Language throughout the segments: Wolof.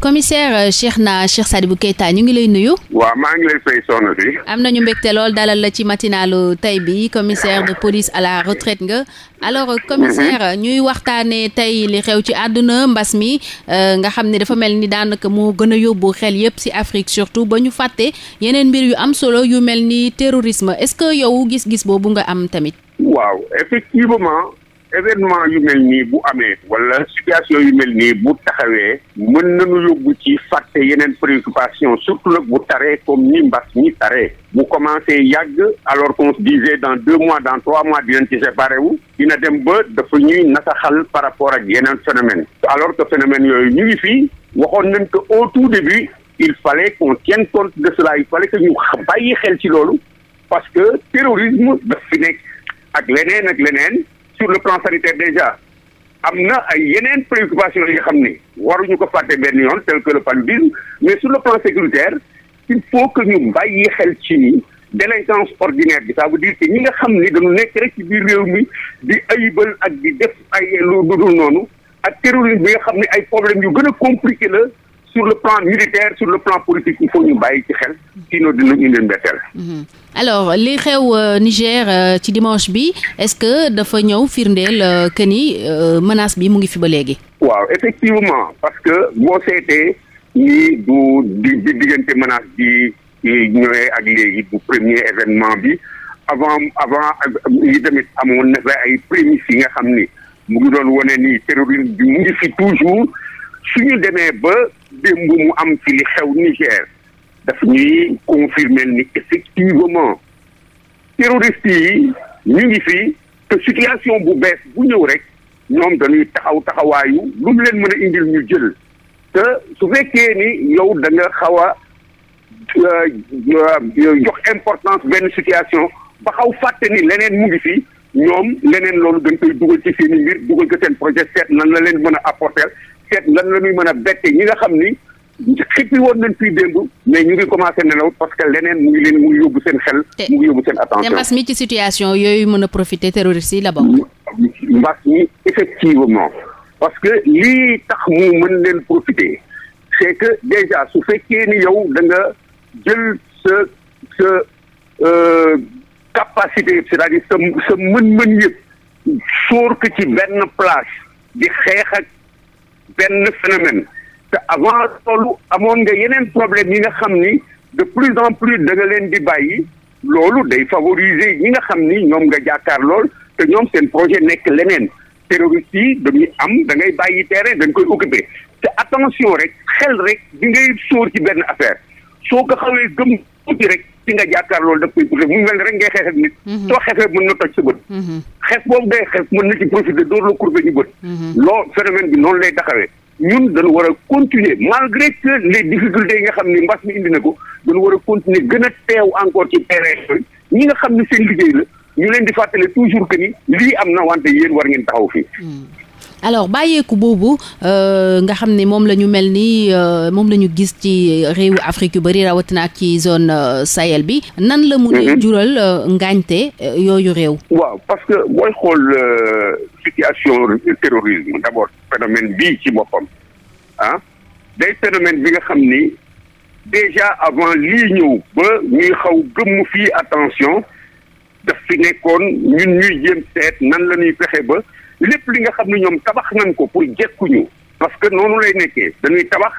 commissaire euh, Cheikhna Cheikh Sadibou Keita ñu ngi lay nuyu. am na ñu lay lool dalal la ci matinalu tey bi commissaire de police à la retraite nga alors euh, commissaire mhm. ñuy waxtaanee tey li xew ci àdduna mbas mi euh, nga xam ne dafa mel ni daanaka moo gën a yóbbu xel yépp ci Afrique surtout ba ñu fàtte yeneen mbir yu am solo yu mel ni terorisme est-ce que yow gis-gis boobu nga am tamit. waaw événement yu mel nii bu amee wala situation yu mel nii bu taxawee mën nañu yóbbu ci fàtte yeneen préoccupation surtout nag bu taree comme ni mbas ñi taree bu commencé yàgg alors qu'on se disait dans deux mois dans trois mois dinañ ci séparé wu dina dem ba dafa ñuy nasaxal par rapport ak yeneen phénomène alors que phénomène yooyu ñu ngi fii waxoon nañ ko au tout début il fallait qu'on tienne compte de cela il fallait que ñu bàyyi xel ci loolu parce que terrorisme daf fi nekk ak leneen ak leneen sur le plan sanitaire déjà am na ay yeneen préoccupations yi nga xam ne waruñu ko fàtte benn yoon tel que le paludisme mais sur le plan sécuritaire il faut que ñu bàyyi xel ci ni délinquance ordinaire bi ça veut dire que ñi nga xam ni dañu nekk rek ci biir réew mi di ayibal ak di def ay lu dul noonu ak terrorisme bi nga xam ne ay problèmes yu gën a compliqué la sur le plan militaire sur le plan politique il faut ñu bàyyi ci xel sinon dinañu leen mbetteel mhm. alors li xew euh, Niger euh, ci dimanche bi est-ce que dafa ñëw firndeel euh, que ni menace bi mu ngi fi ba léegi waaw effectivement parce que boo seetee nii du di diggante menace bi ñëwee ak léegi du premier événement bi avant avant yi tamit amoon na fa ay prémices yi nga xam ni mu ngi doon wane ni terrorisme bi mu ngi fi toujours suñu demee ba démb mu am ci li xew Niger daf ñuy confirmer ni effectivement terroriste yi ñu ngi fi te situation bu bees bu ñëw rek ñoom dañuy taxaw taxawaayu lu mu leen mën a indil ñu jël te su fekkee ni yow da nga xaw a euh, euh, jox importance benn situation ba xaw fàtte ni leneen mu ngi fi ñoom leneen loolu dañ koy dugal ci seen i mbir dugal ko seen projet seet nan la leen mën a apporter seet lan la ñuy mën a bette ñi nga xam ni xippi woon nañ fii démb mais ñu ngi commencé nelaw parce que leneen mu leen mu ngi yóbbu seen xel. seen attention te mbas mi ci situation yooyu mën a profité terroriste yi la bokk. mbas mi effectivement parce que lii tax mu mën leen profité c'est que déjà su fekkee ni yow da nga jël sa sa euh, capacité yëpp c'est-à-dire sa sa mën-mën yëpp ko ci benn place di xeex ak. benn phénomène te avant loolu amoon nga yeneen problème yi nga xam ni de plus en plus da nga leen di bàyyi loolu day favoriser ñi nga xam ni ñoom nga jàkkaar lool te ñoom seen projet nekk leneen terroriste yi dañuy am da ngay bàyyi terrain dañ koy occuper te attention rek xel rek di ngay sóor ci benn affaire soo ko xawee gëm tuuti rek ki nga jàkkaar loolu daf koy poussé mu mel ne rek ngay xeex nit mhm. soo xeexee mën na toj sa bët mhm. xeex boobu ngay xeex mën na ci profité door la courbe ñu bët mhm. loo phénomène bi noonu lay taxawee ñun dañu war a continuer malgré que les difficultés yi nga xam ni mbas mi indi na ko dañu war a continuer gën a teew encore ci terrain yooyu ñi nga xam ni seen liggéey la ñu leen di fàttale toujours que ni lii am na wante yéen war ngeen taxaw fii alors bàyyeeku boobu euh, nga xam ni moom la ñu mel ni euh, moom lañu gis ci réewu Afrique yu bari rawatina ci zone euh, Sahel bi nan la mu a mhm. jural ngaañte yooyu réew waaw parce que booy xool situation terrorisme d'abord phénomène bii ci boppam ah day phénomène bi nga xam ni déjà avant lii ñëw ba ñuy xaw gëmm fii attention daf fi nekkoon ñun ñuy jéem seet nan la ñuy ba lépp li nga xam ne ñoom tabax nañ ko pour jekkuñu parce que noonu lay nekkee dañuy tabax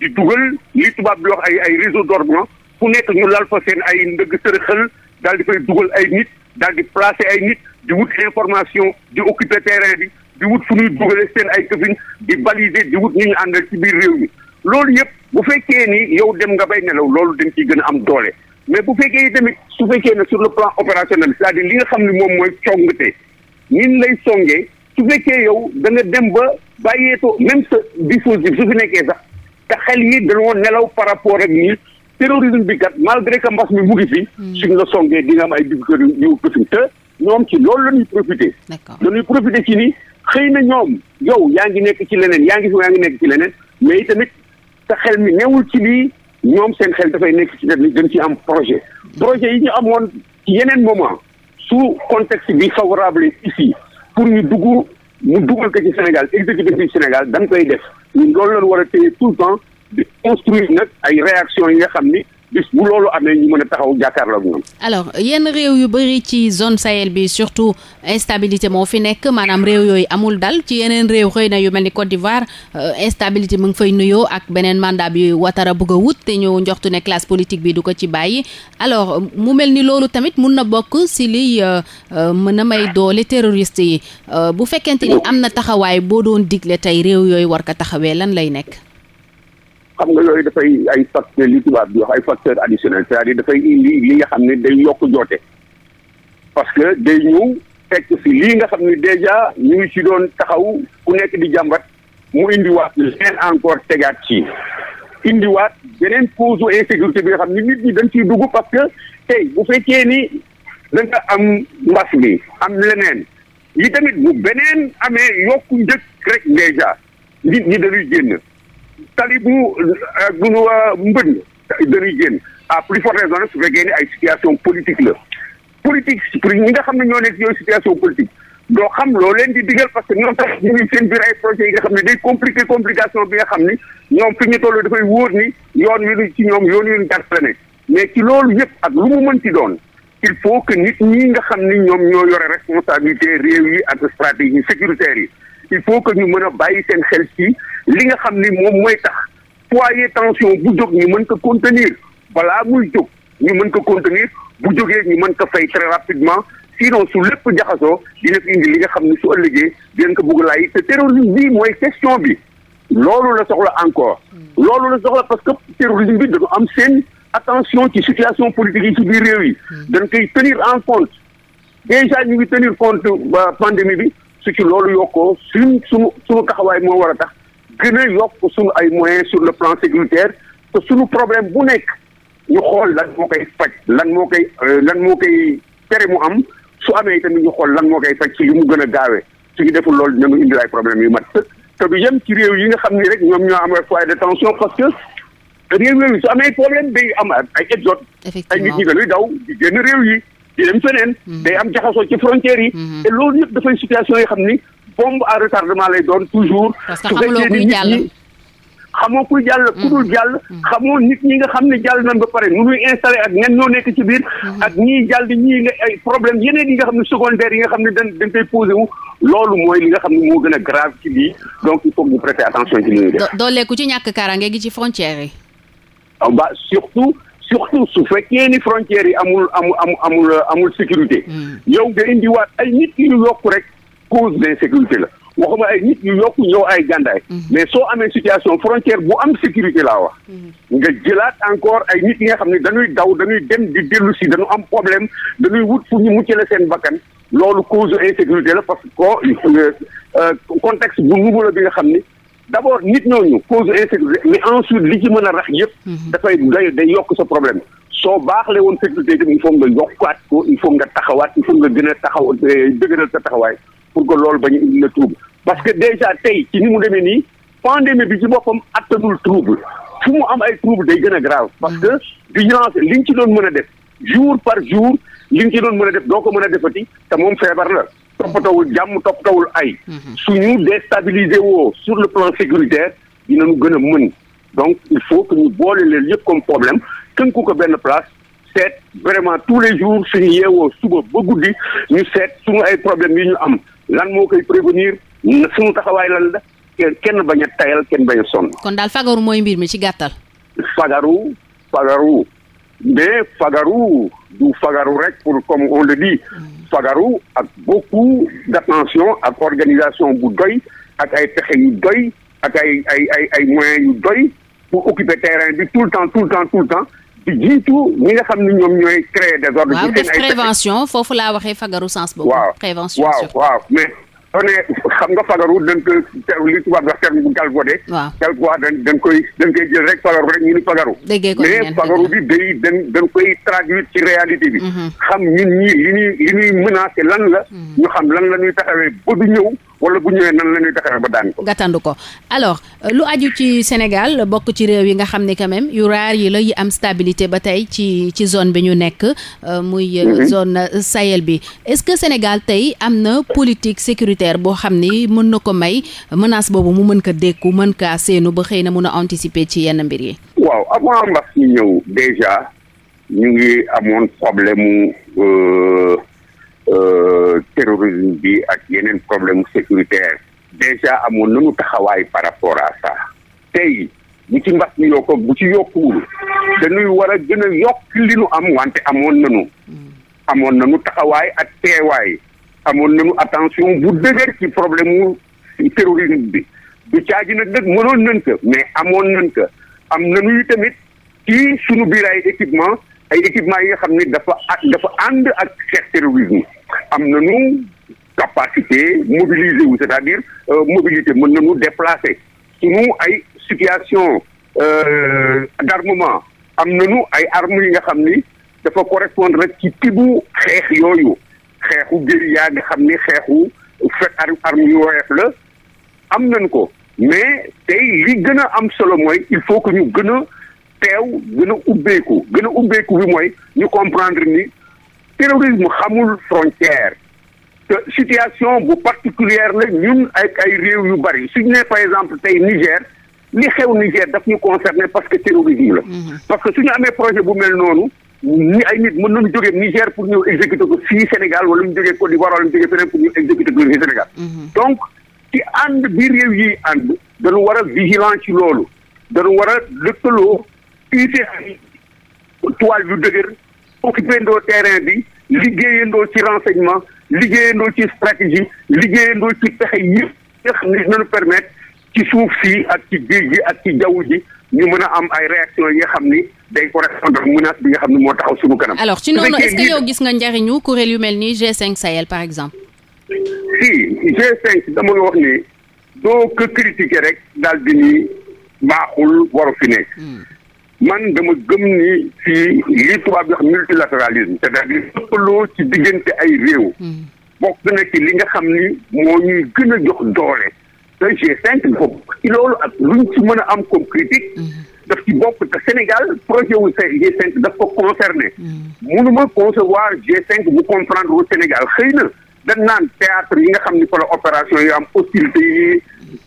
di dugal li tubaab di wax ay ay réseau dormant fu nekk ñu lal fa seen ay ndëgg sërëxal daal di fay dugal ay nit daal di placer ay nit di wut information di occuper terrain bi di wut fu ñuy dugale seen ay këfin di baliser di wut ñu ñu àndal ci biir réew mi loolu yëpp bu fekkee ni yow dem nga bay nelaw loolu dañ ciy gën a am doole mais bu fekkee tamit su fekkee ne sur le plan opérationnel c'est-à-dire li nga xam ne moom mooy congte ñin lay songee su fekkee yow da nga dem ba bàyyeetoo même sa dispositif su fi nekkee sax te xel yi dañoo nelaw par rapport ak nii terrorisme bi kat malgré que mbas mi mu ngi fi. Hmm. suñ la songee dinga am ay difficulté yu bëtum te ñoom ci loolu la ñuy profité. dañuy profité ci nii xëy na ñoom yow yaa ngi nekk ci leneen yaa ngi fi yaa ngi nekk ci leneen mais tamit sa xel mi newul ci lii ñoom seen xel dafay nekk ci leneen dañ ci am projet. Hmm. projet yi ñu amoon yeneen moment su contexte bi favorable pour ñu dugg mu dugal ko ci Sénégal exécutif du Sénégal dañ koy def ñun loolu lañu war a téye tout temps di construire nag ay réaction yi nga xam ni bis bu loolu amee ñu mën a taxaw jàkkaarloo ak ñoom. alors yenn réew yu bëri ci zone Sahel bi surtout instabilité moo fi nekk maanaam réew yooyu amul dal ci yeneen réew xëy na yu mel ni Côte d'Ivoire euh, instabilité mu ngi fay nuyoo ak beneen mandat bi Ouattara bëgg a wut te ñu njoxtu ne classe politique bi du ko ci bàyyi alors mu mel ni loolu tamit mun na bokk si liy euh, euh, mën a may doole terroriste yi bu fekkente ni am na taxawaay boo doon digle tey réew yooyu war ko taxawee lan lay nekk. xam nga yooyu dafay ay facteur li tubaab di wax ay facteurs additionnels c'est-à-dire dafay indi li nga xam ne day yokk joote parce que day ñëw fekk si lii nga xam ne déjà ñu ngi ci doon taxaw ku nekk di jàmbat mu indiwaat leen encore tegaat ci indiwaat beneen pose u insécurité bi nga xam ne nit ñi dañ ciy dugg parce que tey bu fekkee ni da nga am mbas mi am leneen yi tamit bu beneen amee yokku njëkk rek déjà nit ñi dañuy génn tali bu bu mbënd dañuy génn à plus forte raison su fekkee ni ay situation politique la politique pour ñi nga xam ne ñoo nekk yooyu situation politique doo xam loo leen di digal parce que ñoom tax ñu ngi seen biir ay projets yi nga xam ne day compliqué complication bi nga xam ni ñoom fi ñu toll dafay wóor ni yoon wi ñu ci ñoom yoon wi ñu gàtt ne mais ci loolu yëpp ak lu mu mën ci doon il faut que nit ñi nga xam ni ñoom ñoo yore responsabilité réew yi ak stratégie sécuritaire yi il faut que ñu mën a bàyyi seen xel ci li nga xam ni moom mooy tax foyer tension bu jog ñu mën ko contenir balaa muy jóg ñu mën ko contenir bu jógee ñu mën ka fay très rapidement sinon su lépp jaxasoo dina fi indi li nga xam ni su ëllëgee dinañ ko bëgg laay te terrorisme bi mooy question bi loolu la soxla encore hmm. loolu la soxla parce que terrorisme bi dañu am seen attention ci situation politique yi ci biir réew yi hmm. dañ koy tenir en compte déjà ñu ngi tenir compte euh, pandémie bi su ci loolu yokkoo su su suñu taxawaay moo war a tax gën a yokk suñu ay moyen sur le plan sécuritaire te suñu problème bu nekk ñu xool lan moo koy faj lan moo koy euh, lan moo koy tere mu am su amee tamit ñu xool lan moo koy faj ci li mu gën a gaawee su ñu deful loolu dinañu indil ay problèmes yu mat te du yem ci réew yi nga xam ni rek ñoom ñoo am ay foyer de tension parce que réew yooyu su amee problème day am ay exode. effectivement ay nit ñi dañuy daw di génn réew yi. di dem feneen. Mhm. day am jaxasoo ci frontières yi. Mhm. te loolu yëpp dafay situation yoo xam ni bombe à retardement lay doon toujours. parce que xamuloo kuy jàll xamoo kuy jàll ku dul mhm. jàll xamoo nit ñi nga xam ne jàll nañ ba pare nu nuy installé ak ñan ñoo nekk ci biir ak ñii jàll di ñii nga ay problème yeneen yi nga xam ne secondaire yi nga xam ne dañ dañ koy posé wu loolu mooy li nga xam ne moo gën a grave ci lii donc il faut que ñu prêter attention ci li ñuy def dooleeku ci ñàkk kaaraange gi ci frontière yi ah ba surtout surtout su fekkee ni frontières yi amul amul amul amul euh, sécurité. Hmm. yow nga indiwaat ay nit yu yokk rek cause d'insécurité la waxuma ay nit yu yokk ñëw ay gàndaay. Hmm. mais soo amee situation frontière bu am sécurité laa wax. Hmm. nga jëlaat encore ay nit yi nga xam ne dañuy daw dañuy dem di dellu si dañu am problème dañuy wut fu ñu muccale seen bakkan loolu cause insécurité la parce que euh, contexte bu nouveau la bi nga xam ni. d' abord nit ñooñu cause insécurité mais ensuite li ci mën a rax yëpp. Mhm. dafay day day yokk sa problème. soo baaxlee woon sécurité bi il faut nga yokkaat ko il faut nga taxawaat il faut nga gën a taxaw eh, dëgëral sa taxawaay pour que loolu ba ñu indi la trouble parce que déjà tey ci ni mu demee nii pandémie bi ci boppam attanul trouble fu mu am ay trouble day gën a grave mhm. parce que du vigilance li nga ci doon mën a def jour par jour li nga ci doon mën a def doo ko mën a defati te moom feebar la toppatawul jàmm toppatawul ay. Mhm. suñu déstabiliser woo sur le plan sécuritaire dinañu gën a mën donc il faut que ñu boole leen yëpp comme problème tënku ko benn place seet vraiment tous les jours suñu yeewoo suba ba guddi ñu seet suñu ay problème yi ñu am lan moo koy prévenir suñu taxawaay lan la kenn bañ a tayal kenn bañ a sonn. kon daal fagaru mooy mbir mi ci gàttal. fagaru fagaru mais fagaru du fagaru rek pour comme on le dit. Mhm. fagaru ak beaucoup d' attention ak organisation bu doy ak ay pexe yu doy ak ay ay ay ay moyens yu doy pour occuper terrain bi tout le temps tout le temps tout le temps di jiitu ñi nga xam ne ñoom ñooy créer des ordres. ci seen ay prévention foofu laa waxee fagaru sens boobu. prévention waaw waaw soo xam nga fagaru dañ ko li tubaab wax terme bu galvaudé. waaw quelquefois dañ dañ koy dañ koy jël rek fagaru rek ñu ni fagaru. mais fagaru bi day dañ dañ koy traduire ci réalité bi. Mm-hmm. xam ñun ñii li ñuy li ñuy menacé lan la. Mm-hmm. ñu xam lan la ñuy taxawee ba du ñëw. wala bu ñëwee nan la ñuy ba daan ko. nga ko alors euh, lu aju ci Sénégal bokk ci réew yi nga xam ne quand même yu raar yi la yi am stabilité ba tey ci ci zone bi ñu nekk euh, muy. Euh, mhm. zone sayel bi est-ce que Sénégal tey am na politique sécuritaire boo xam ni mën na ko may menace boobu mu mën ko dékku mën kaa séenu ba xëy na mun a anticiper ci yenn mbir yi. waaw avant mbas ñu ñëw déjà ñu ngi amoon problème Euh, terrorisme bi ak yeneen problème sécuritaire déjà amoon nañu taxawaay par rapport à ça tey bu ci mbas mi yokk bu ci yokkuwul dañuy war a gën a yokk li nu am wante amoon nañu amoon nañu taxawaay ak teewaay amoon nañu attention bu dëgër ci problème mu terrorisme bi du caaji nag dëgg mënoon nañ ko mais amoon nañ ko am nañu tamit ci suñu biir ay équipement ay équipement yi nga xam ne dafa dafa ànd ak xeex terrorisme am nañu capacité mobiliser wu c'est-à-dire euh, mobilité mën nañu déplacer suñu ay situation euh, d'armement am na nañu ay armes yi nga xam ni dafa correspondre rek ci tibu xeex yooyu xeexu guérilla nga xam ni xeexu fekk arme yu woyof la am nañ ko mais tey li gën a am solo mooy il faut que ñu gën a teew gën a ubbeeku gën a ubbeeku bi mooy ñu comprendre ni terrorisme xamul frontière te situation bu particulière la ñun ak ay réew yu bari suñu nee par exemple tey Niger li xew Niger daf ñu concerné parce que terrorisme la mhm. parce que su suñu amee projet bu mel noonu ni ay nit mën nañu jógee Niger pour ñëw exécuter ko fii Sénégal wala ñu jógee Côte d'Ivoire wala ñu jógee feneen pour ñu exécuter ko fii Sénégal mhm. donc ci ànd bi réew yi ànd dañu war a vigilant ci loolu UCA yi toile dëgër occupé ndoo terrain bi liggéeyandoo ci renseignement liggéeyandoo ci stratégie liggéeyandoo ci pexe yëpp nga na ne dinañu ci suuf si ak ci géej gi ak ci jaww ji ñu mën a am ay réaction yi nga xam ni day correspondre menace bi nga xam ne moo taxaw suñu kanam. alors si noonu est yow gis nga njariñu kuréel yu mel ni G5 Sahel par exemple. si G5 dama la wax ni doo ko critiquer rek daal bi ni baaxul waru fi nekk. Hmm. man dama gëm ni fii lii tubaab di wax multilatéralisme cest à ci diggante ay réew hmm. bokk na ci li nga xam ni moo ñuy gën a jox doole te G5 dafa bokk ci loolu ak luñ ci mën a am comme critique hmm. daf ci bokk te Sénégal projet wu G5 daf ko concerné hmm. mënuma concevoir G5 bu comprendre wu Sénégal xëy na da naan théâtre yi nga xam ni fa la opération yi am hostilité yi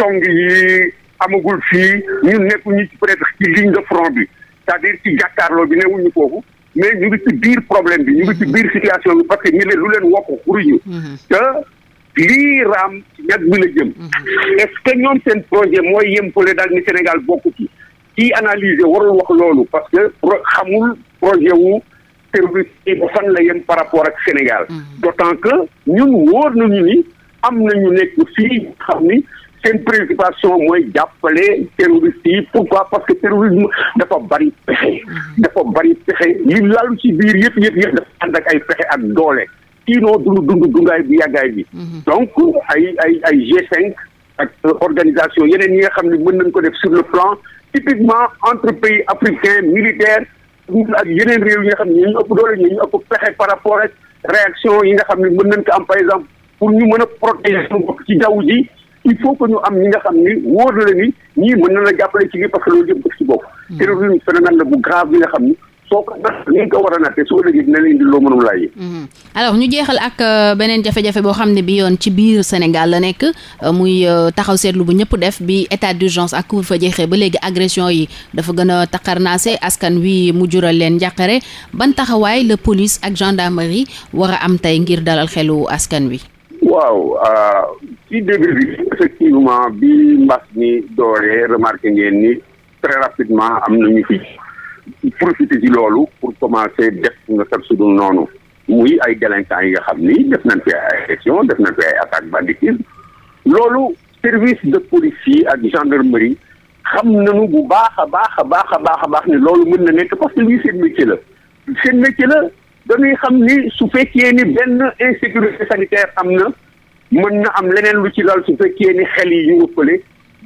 cong yi amagul fii ñun nekkuñu ci peut-être ci ligne de front bi c'est-à-dire ci jàkkaarloo bi newuñu foofu mais ñu ngi biir problème bi ñu ngi ci biir situation bi parce que ñu leen lu leen wokk xuruñu mm-hmm. te lii raam ñag bi la jëm mm-hmm. est ñoom seen projet mooy yem fële daal ni Sénégal bokku ci kii analyser warul wax loolu parce que xamul projet wu service yi ba fan la yem par rapport ak Sénégal mm-hmm. d'autant que ñun wóor nañu ni am nañu nekk fii xam ni seen préoccupation mooy jàppale terroriste yi pourquoi parce que terrorisme dafa bari pexe mm-hmm. dafa bari pexe li lalu ci biir yëpp yëpp yëpp dafa ànd ak ay pexe ak doole sinon dund dund dungaay bi yàggaay bi mm-hmm. donc ay ay ay G5 ak euh, organisation yeneen yi nga xam ni mën nañ ko def sur le plan typiquement entre pays africains militaires yeneen réew yi nga xam ne ñu ëpp doole par rapport ak réaction yi nga xam ne mën nañ ko am par exemple pour ñu mën a protéger suñu bopp ci jaww ji il faut que ñu am ñi nga xam ni wóor la ni ñii mën na la jàppale ci lii parce que loolu yëpp daf ci bokk. Hmm. terrorisme phénomène la bu grave bi nga xam ni soo ko natt ni nga war a nattee soo ëllëgee dina leen di loo mënul hmm. alors ñu jeexal ak euh, beneen jafe-jafe boo xam ne bi yoon ci biir Sénégal la nekk euh, muy euh, taxaw seetlu bu ñëpp def bi état d'urgence ak couvre fa jeexee ba léegi agression yi dafa gën a taqarnaase askan wi mu jural leen njàqare ban taxawaay la police ak gendarmerie war a am tey ngir dalal xelu askan wi. waaw ah, ci début bi effectivement bi mbas mi dooree remarqué ngeen ni très rapidement am na ñu fi profité ci loolu pour commencer def nga kat su dul noonu muy ay délinquants yi nga xam ni def nañ fi ay agression def na fi ay attaque banditisme loolu service de police yi ak gendarmerie xam nañu bu baax a baax a baax a baax a baax ni loolu mën na nekk parce que lii seen métier la seen métier la dañuy xam ni su fekkee ni benn insécurité sanitaire am na mën na am leneen lu ci lal su fekkee ni xel yi ñu ëppale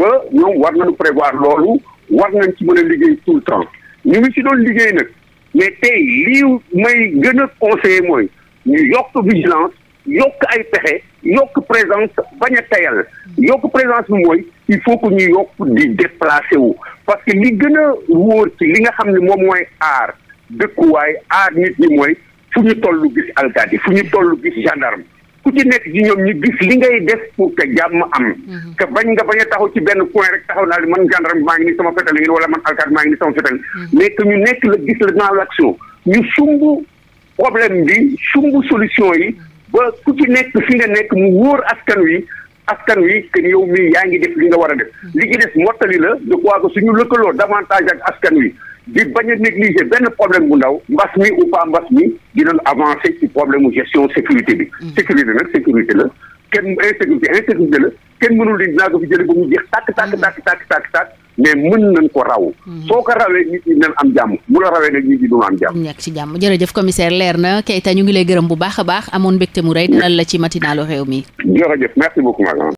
ba ñoom war nañu prévoir loolu war nañ ci mën a liggéey tout le temps ñu ngi ci doon liggéey nag mais tey lii may gën a conseiller mooy ñu yokk vigilance yokk ay pexe yokk présence bañ a tayal yokk présence bi mooy il faut que ñu yokk di déplacé wu parce que li gën a wóor ci li nga xam ni moom mooy aar dëkkuwaay aar nit ñi mooy fu ñu toll gis yi fu ñu toll gis gendarme ku ci nekk ci ñoom ñu gis li ngay def pour que jàmm am mhm. te bañ nga bañ a taxaw ci benn coin rek taxaw naa li man gendarme maa ngi ni sama fetal ngeen wala man alkaati maa ngi ni sama fetal mhm. mais que ñu nekk la gis la dans l'action ñu sumb problème bi sumb solution yi ba ku ci nekk fi nga nekk mu wóor askan wi askan wi que yow mii yaa ngi def li nga war a def mhm. li ci des mottali la de quoi que suñu lëkkaloo davantage ak askan wi di bañ a négliger benn problème bu ndaw mbas mi ou pas mbas mi dinañ avancer ci problème mu gestion sécurité bi. Hmm. sécurité nag sécurité la kenn insécurité insécurité la kenn mënul di naa ko fi jëlee ba mu jeex tàkk tàkk hmm. tàkk tàkk tàkk tàkk mais mën nañ ko raw. Hmm. soo ko rawee nit ñi nañ am jàmm bu la rawee nag nit ñi du am jàmm. ñàkk ci jàmm commissaire leer na Keita ñu ngi lay gërëm bu baax a baax amoon mbégte mu rëy dalal la ci matinalu réew mi. jërëjëf merci beaucoup